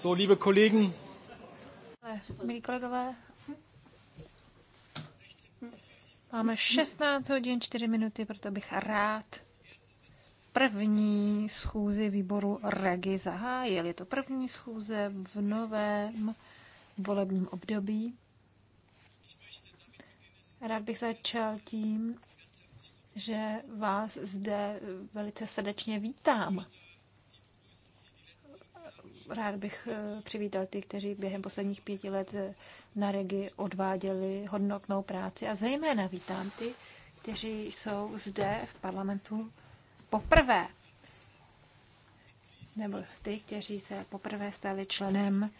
So, liebe Kollegen. Milí kolegové, máme 16 hodin 4 minuty, proto bych rád první schůzi výboru REGI zahájil. Je to první schůze v novém volebním období. Rád bych začal tím, že vás zde velice srdečně vítám. Rád bych eh, přivítal ty, kteří během posledních pěti let eh, na regi odváděli hodnotnou práci a zejména vítám ty, kteří jsou zde v parlamentu poprvé. Nebo ty, kteří se poprvé stali členem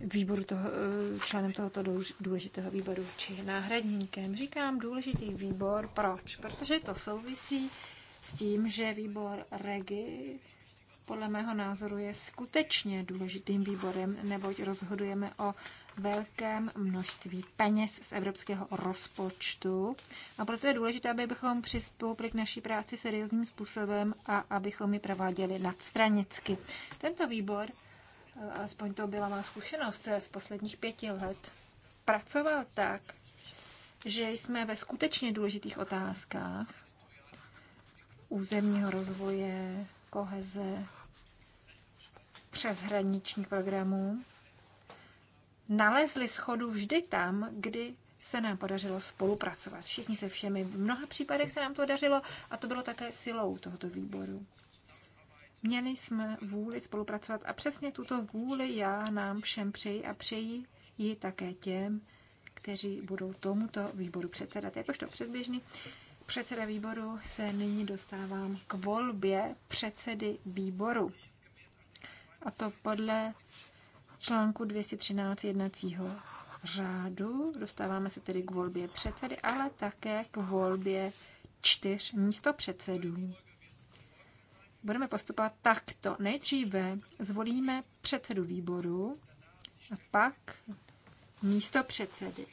výboru toho, eh, členem tohoto důležitého výboru či náhradníkem. Říkám důležitý výbor, proč? Protože to souvisí s tím, že výbor REGI podle mého názoru je skutečně důležitým výborem, neboť rozhodujeme o velkém množství peněz z evropského rozpočtu. A proto je důležité, abychom přistoupili k naší práci seriózním způsobem a abychom ji prováděli nadstranicky. Tento výbor, eh, aspoň to byla má zkušenost eh, z posledních pěti let, pracoval tak, že jsme ve skutečně důležitých otázkách územního rozvoje, koheze, přeshraničních programů, nalezli schodu vždy tam, kdy se nám podařilo spolupracovat. Všichni se všemi. V mnoha případech se nám to dařilo a to bylo také silou tohoto výboru. Měli jsme vůli spolupracovat a přesně tuto vůli já nám všem přeji a přeji ji také těm, kteří budou tomuto výboru předsedat. Jakožto předběžný předseda výboru se nyní dostávám k volbě předsedy výboru a to podle článku 213 jednacího řádu. Dostáváme se tedy k volbě předsedy, ale také k volbě čtyř předsedů. Budeme postupovat takto. Nejdříve zvolíme předsedu výboru a pak místo předsedy.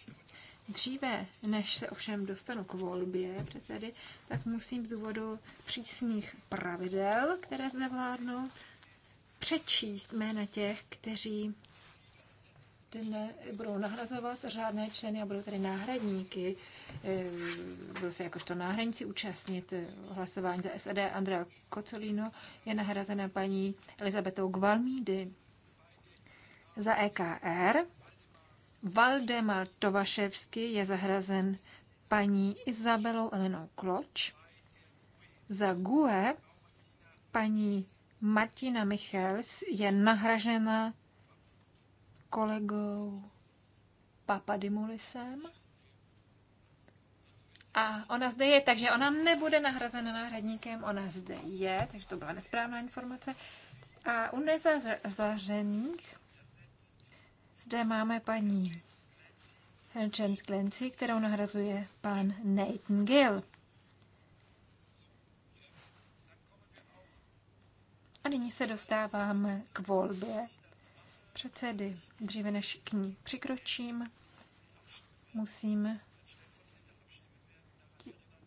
Dříve, než se ovšem dostanu k volbě předsedy, tak musím z důvodu přísných pravidel, které zde vládnou, přečíst jména těch, kteří dne budou nahrazovat řádné členy a budou tady náhradníky. Ehm, budou se jakožto náhradníci účastnit eh, hlasování za SED. Andrea Kocolino je nahrazena paní Elizabetou Gvalmídy. Za EKR Valdemar Tovaševsky je zahrazen paní Izabelou Elenou Kloč. Za GUE paní Martina Michels je nahražena kolegou Papadimulisem. A ona zde je, takže ona nebude nahrazena náhradníkem, ona zde je, takže to byla nesprávná informace. A u nezařazených zde máme paní Helen Glancy, kterou nahrazuje pan Nathan Gill. nyní se dostáváme k volbě předsedy. Dříve než k ní přikročím, musím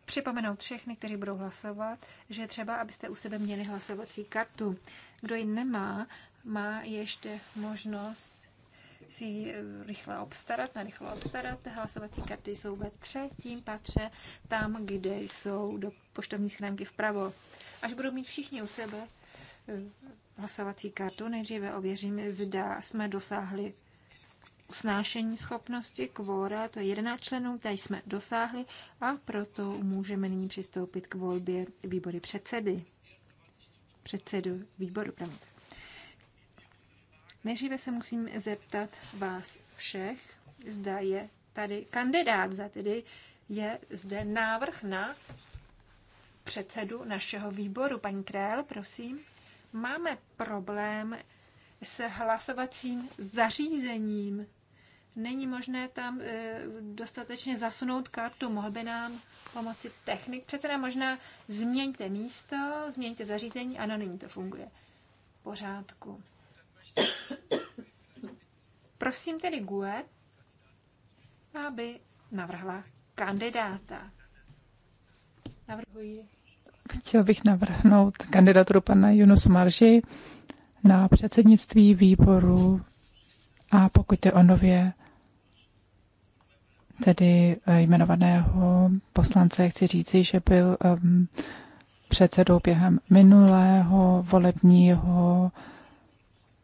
připomenout všechny, kteří budou hlasovat, že třeba, abyste u sebe měli hlasovací kartu. Kdo ji nemá, má ještě možnost si ji rychle obstarat, na rychle obstarat. Hlasovací karty jsou ve třetím patře, tam, kde jsou do poštovní schránky vpravo. Až budou mít všichni u sebe, hlasovací kartu. Nejdříve ověřím, zda jsme dosáhli usnášení schopnosti kvóra, to je 11 členů, tady jsme dosáhli a proto můžeme nyní přistoupit k volbě výbory předsedy. Předsedu výboru, promiň. Nejdříve se musím zeptat vás všech, zda je tady kandidát, za tedy je zde návrh na předsedu našeho výboru. Paní Král, prosím. Máme problém se hlasovacím zařízením. Není možné tam e, dostatečně zasunout kartu. Mohl by nám pomoci technik. Předseda možná změňte místo, změňte zařízení. Ano, nyní to funguje. pořádku. Prosím tedy GUE, aby navrhla kandidáta. Navrhuji Chtěl bych navrhnout kandidaturu pana Junus Marži na předsednictví výboru a pokud je o nově tedy eh, jmenovaného poslance, chci říci, že byl um, předsedou během minulého volebního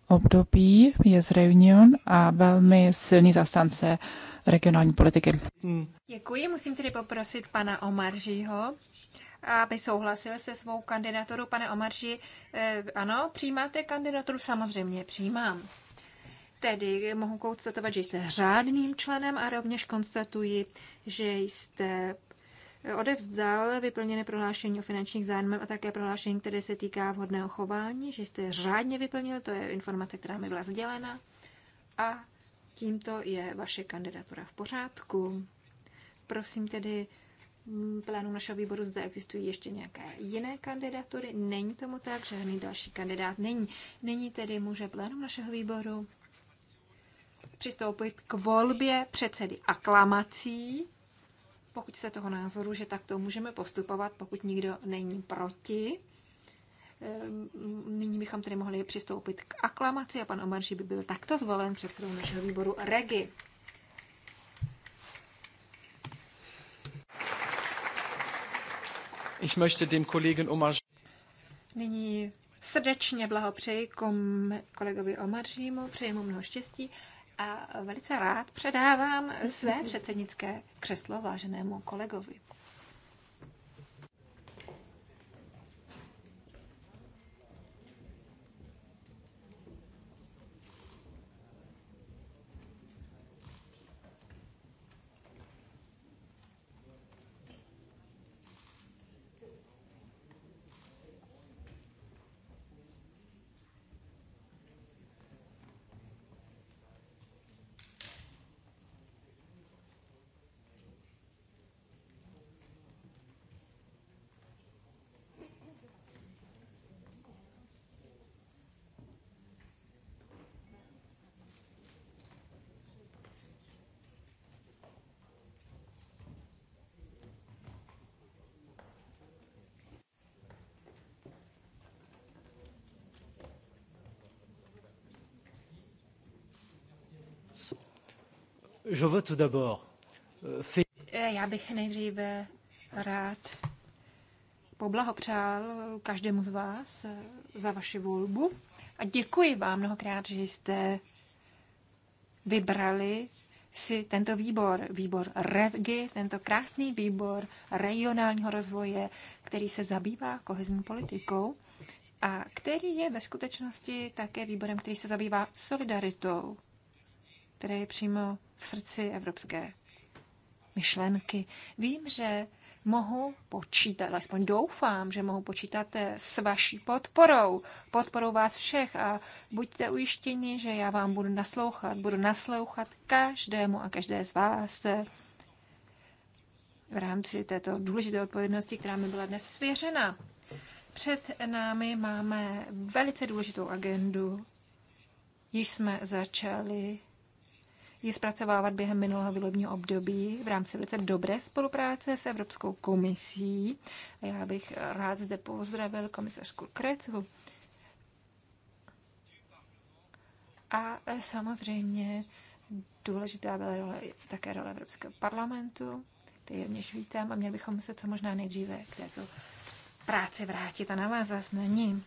období, je z Reunion a velmi silný zastánce regionální politiky. Hmm. Děkuji, musím tedy poprosit pana Omaržího, aby souhlasil se svou kandidaturu. Pane Omarži, eh, ano, přijímáte kandidaturu? Samozřejmě přijímám. Tedy mohu konstatovat, že jste řádným členem a rovněž konstatuji, že jste odevzdal vyplněné prohlášení o finančních zájmem a také prohlášení, které se týká vhodného chování, že jste řádně vyplnil, to je informace, která mi byla sdělena a tímto je vaše kandidatura v pořádku. Prosím tedy Mm, plénu našeho výboru zde existují ještě nějaké jiné kandidatury. Není tomu tak, žádný další kandidát není. Není tedy může plénu našeho výboru přistoupit k volbě předsedy aklamací, pokud se toho názoru, že takto můžeme postupovat, pokud nikdo není proti. Ehm, nyní bychom tedy mohli přistoupit k aklamaci a pan Omarší by byl takto zvolen předsedou našeho výboru REGI. Ich möchte dem Kollegen Omar... Nyní srdečně blahopřeji kolegovi Omaržímu, přeji mu mnoho štěstí a velice rád předávám své předsednické křeslo váženému kolegovi. Je veux tout d'abord euh, eh, Já bych nejdříve rád poblahopřál každému z vás eh, za vaši volbu a děkuji vám mnohokrát, že jste vybrali si tento výbor, výbor REVGY, tento krásný výbor regionálního rozvoje, který se zabývá kohezní politikou a který je ve skutečnosti také výborem, který se zabývá solidaritou které je přímo v srdci evropské myšlenky. Vím, že mohu počítat, alespoň doufám, že mohu počítat eh, s vaší podporou, podporou vás všech a buďte ujištěni, že já vám budu naslouchat, budu naslouchat každému a každé z vás eh, v rámci této důležité odpovědnosti, která mi byla dnes svěřena. Před námi máme velice důležitou agendu. Již jsme začali ji zpracovávat během minulého volebního období v rámci velice dobré spolupráce s Evropskou komisí. Já bych rád zde pozdravil komisařku Krecu. A samozřejmě důležitá byla role, také role Evropského parlamentu, který rovněž vítám a měli bychom se co možná nejdříve k této práci vrátit a navázat na ní.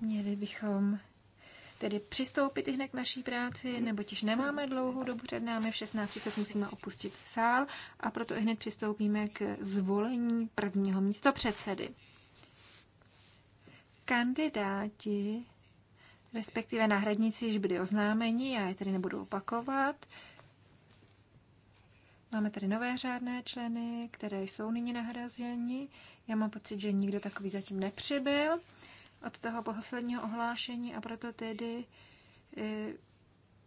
Měli bychom tedy přistoupit i hned k naší práci, nebo již nemáme dlouhou dobu před námi, v 16.30 musíme opustit sál a proto i hned přistoupíme k zvolení prvního místopředsedy. Kandidáti, respektive náhradníci, již byli oznámeni, já je tedy nebudu opakovat. Máme tady nové řádné členy, které jsou nyní nahrazeni. Já mám pocit, že nikdo takový zatím nepřibyl od toho posledního ohlášení a proto tedy e, eh,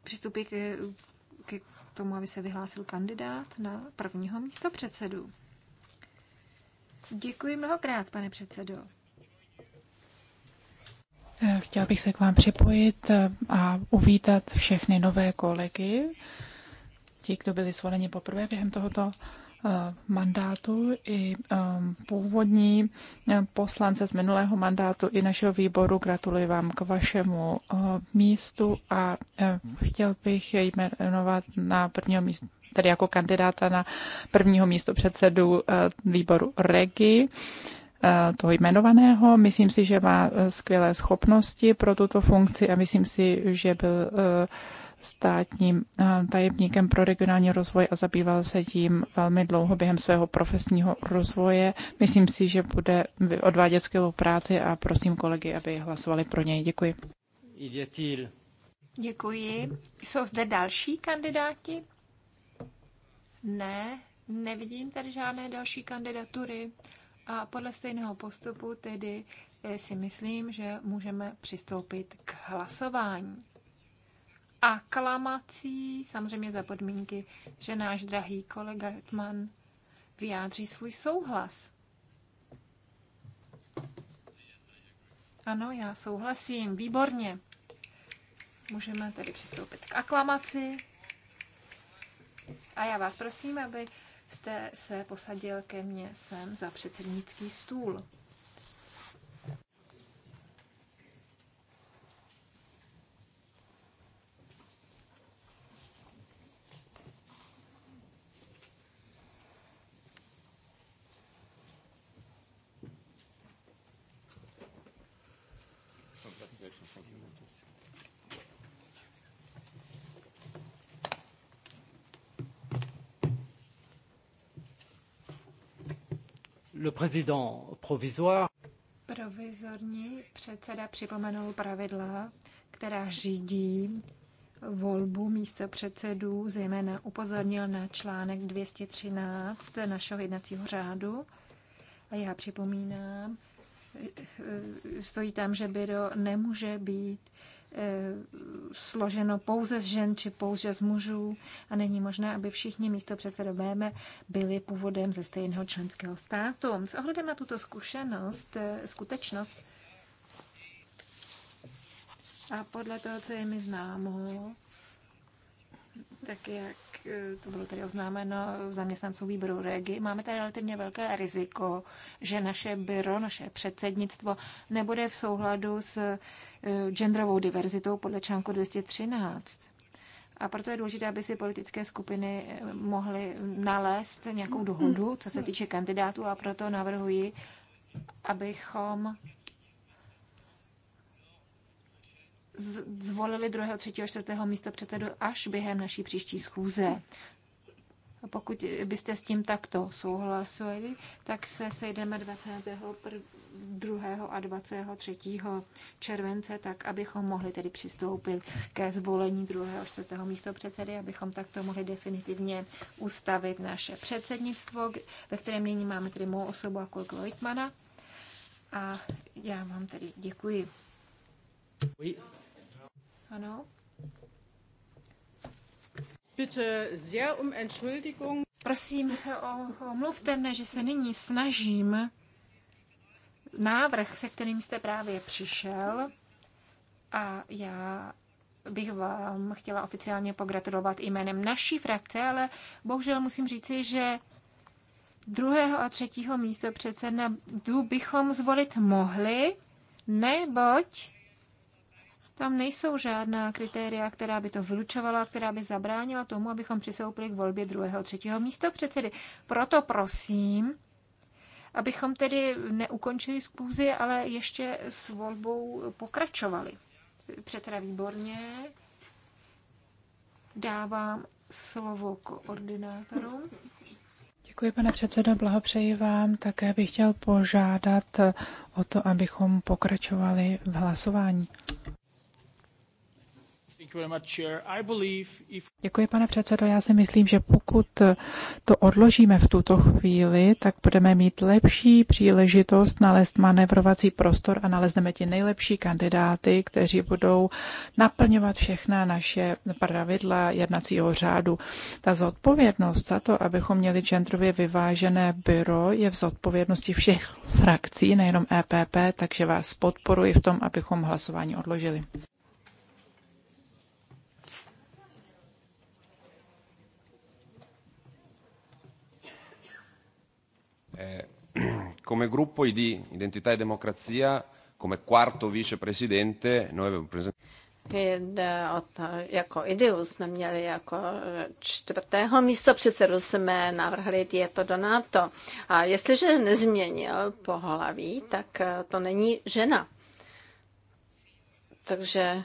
přistupí k, k tomu, aby se vyhlásil kandidát na prvního místo předsedu. Děkuji mnohokrát, pane předsedo. Eh, chtěla bych se k vám připojit eh, a uvítat všechny nové kolegy, ti, kdo byli zvoleni poprvé během tohoto Eh, mandátu i eh, původní eh, poslance z minulého mandátu i našeho výboru. Gratuluji vám k vašemu místu a chtěl bych jej jmenovat na prvního místo tedy jako kandidáta na prvního místo předsedu výboru REGI toho jmenovaného. Myslím si, že má skvělé schopnosti pro tuto funkci a myslím si, že byl státním eh, tajemníkem pro regionální rozvoj a zabýval se tím velmi dlouho během svého profesního rozvoje. Myslím si, že bude odvádět skvělou práci a prosím kolegy, aby hlasovali pro něj. Děkuji. Děkuji. Jsou zde další kandidáti? Ne, nevidím tady žádné další kandidatury. A podle stejného postupu tedy eh, si myslím, že můžeme přistoupit k hlasování aklamací, samozřejmě za podmínky, že náš drahý kolega Hetman vyjádří svůj souhlas. Ano, já souhlasím, výborně. Můžeme tedy přistoupit k aklamaci. A já vás prosím, abyste se posadil ke mně sem za předsednický stůl. le président provisoire. Provizorní předseda připomenul pravidla, která řídí volbu místo předsedů, zejména upozornil na článek 213 našeho jednacího řádu. A já připomínám, stojí tam, že byro nemůže být Eh, složeno pouze z žen či pouze z mužů a není možné, aby všichni místo předsedové byli původem ze stejného členského státu. S ohledem na tuto zkušenost, eh, skutečnost a podle toho, co je mi známo, tak jak Eh, to bylo tady oznámeno zaměstnancům výboru REGI, máme tady relativně velké riziko, že naše byro, naše předsednictvo nebude v souhladu s eh, genderovou diverzitou podle článku 213. A proto je důležité, aby si politické skupiny eh, mohly nalézt nějakou dohodu, co se týče kandidátů, a proto navrhuji, abychom zvolili druhého třetího čtvrtého místo předsedu až během naší příští schůze. Pokud byste s tím takto souhlasili, tak se sejdeme 22. a 23. července, tak abychom mohli tedy přistoupit ke zvolení druhého čtvrtého místo předsedy, abychom takto mohli definitivně ustavit naše předsednictvo, ve kterém nyní máme tedy mou osobu a kolegu Litmana. A já vám tedy děkuji. Oui. Ano. Bitte sehr um Entschuldigung. Prosím, omluvte mne, že se nyní snažím návrh, se kterým jste právě přišel, a já bych vám chtěla oficiálně pogratulovat jménem naší frakce, ale bohužel musím říci, že druhého a třetího místo předsedu bychom zvolit mohli, neboť tam nejsou žádná kritéria, která by to vylučovala, která by zabránila tomu, abychom přisoupili k volbě druhého, třetího místo předsedy. Proto prosím, abychom tedy neukončili zkůzi, ale ještě s volbou pokračovali. Předseda výborně. Dávám slovo koordinátorům. Děkuji, pane předsedo, blahopřeji vám. Také bych chtěl požádat o to, abychom pokračovali v hlasování. Děkuji, pane předsedo. Já si myslím, že pokud to odložíme v tuto chvíli, tak budeme mít lepší příležitost nalézt manevrovací prostor a nalezneme ti nejlepší kandidáty, kteří budou naplňovat všechna naše pravidla jednacího řádu. Ta zodpovědnost za to, abychom měli čentrově vyvážené byro, je v zodpovědnosti všech frakcí, nejenom EPP, takže vás podporuji v tom, abychom hlasování odložili. Come gruppo ID, Identità e Democrazia, come quarto vicepresidente, noi abbiamo presentato jako ideu jsme měli jako eh, čtvrtého místo předsedu jsme navrhli dieto do NATO. A jestliže nezměnil pohlaví, tak eh, to není žena. Takže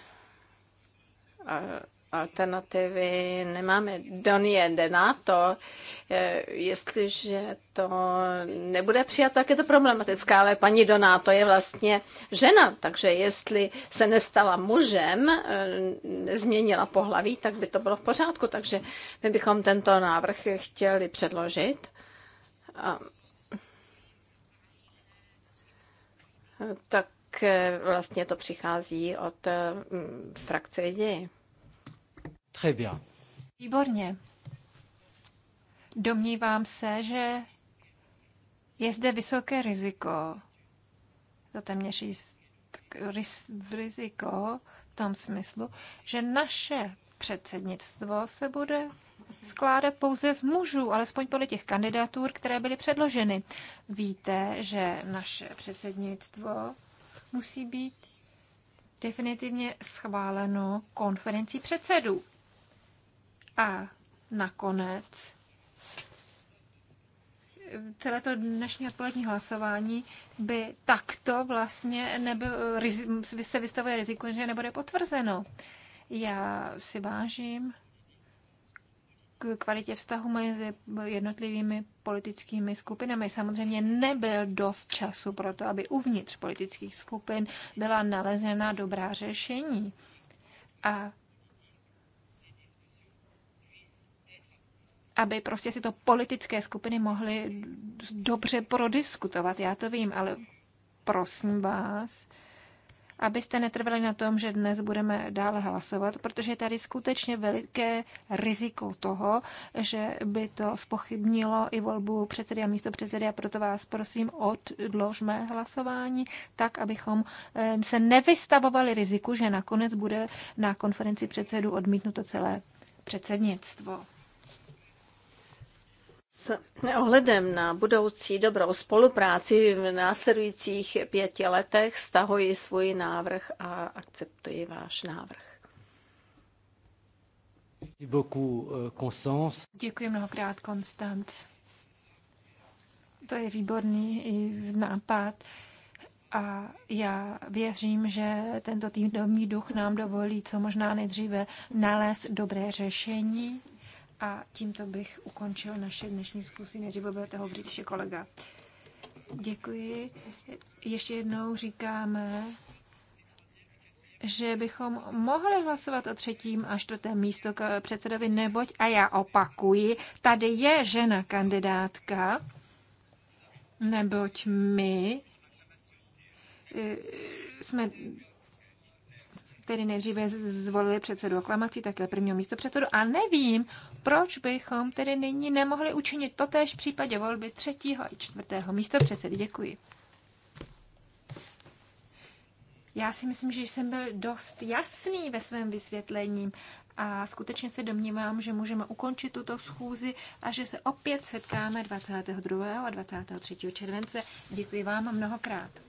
eh, alternativy nemáme. Donie de NATO, eh, jestliže to nebude přijat, tak je to problematické, ale paní Donáto je vlastně žena, takže jestli se nestala mužem, eh, změnila pohlaví, tak by to bylo v pořádku, takže my bychom tento návrh chtěli předložit. Tak eh, vlastně to přichází od frakce ideji. Très bien. Výborně. Domnívám se, že je zde vysoké riziko, to téměř riziko v tom smyslu, že naše předsednictvo se bude skládat pouze z mužů, alespoň podle těch kandidatur, které byly předloženy. Víte, že naše předsednictvo musí být definitivně schváleno konferencí předsedů. A nakonec celé to dnešní odpolední hlasování by takto vlastně nebyl, se vystavuje riziku, že nebude potvrzeno. Já si vážím k kvalitě vztahu mezi jednotlivými politickými skupinami. Samozřejmě nebyl dost času pro to, aby uvnitř politických skupin byla nalezena dobrá řešení. A aby prostě si to politické skupiny mohly dobře prodiskutovat. Já to vím, ale prosím vás, abyste netrvali na tom, že dnes budeme dále hlasovat, protože je tady skutečně veliké riziko toho, že by to spochybnilo i volbu předsedy a místo předsedy a proto vás prosím odložme hlasování tak, abychom eh, se nevystavovali riziku, že nakonec bude na konferenci předsedů odmítnuto celé předsednictvo. S ohledem na budoucí dobrou spolupráci v následujících pěti letech stahuji svůj návrh a akceptuji váš návrh. Euh, Děkuji mnohokrát, Konstanc. To je výborný nápad a já věřím, že tento týdenní duch nám dovolí co možná nejdříve nalézt dobré řešení a tímto bych ukončil naše dnešní zkusy. Nejdříve budete hovořit ještě kolega. Děkuji. Ještě jednou říkáme, že bychom mohli hlasovat o třetím a čtvrtém místo k předsedovi, neboť, a já opakuji, tady je žena kandidátka, neboť my eh, jsme který nejdříve zvolili předsedu aklamací, také prvního místo předsedu a nevím, proč bychom tedy nyní nemohli učinit totéž v případě volby třetího a čtvrtého místo předsedy. Děkuji. Já si myslím, že jsem byl dost jasný ve svém vysvětlení a skutečně se domnívám, že můžeme ukončit tuto schůzi a že se opět setkáme 22. a 23. července. Děkuji vám mnohokrát.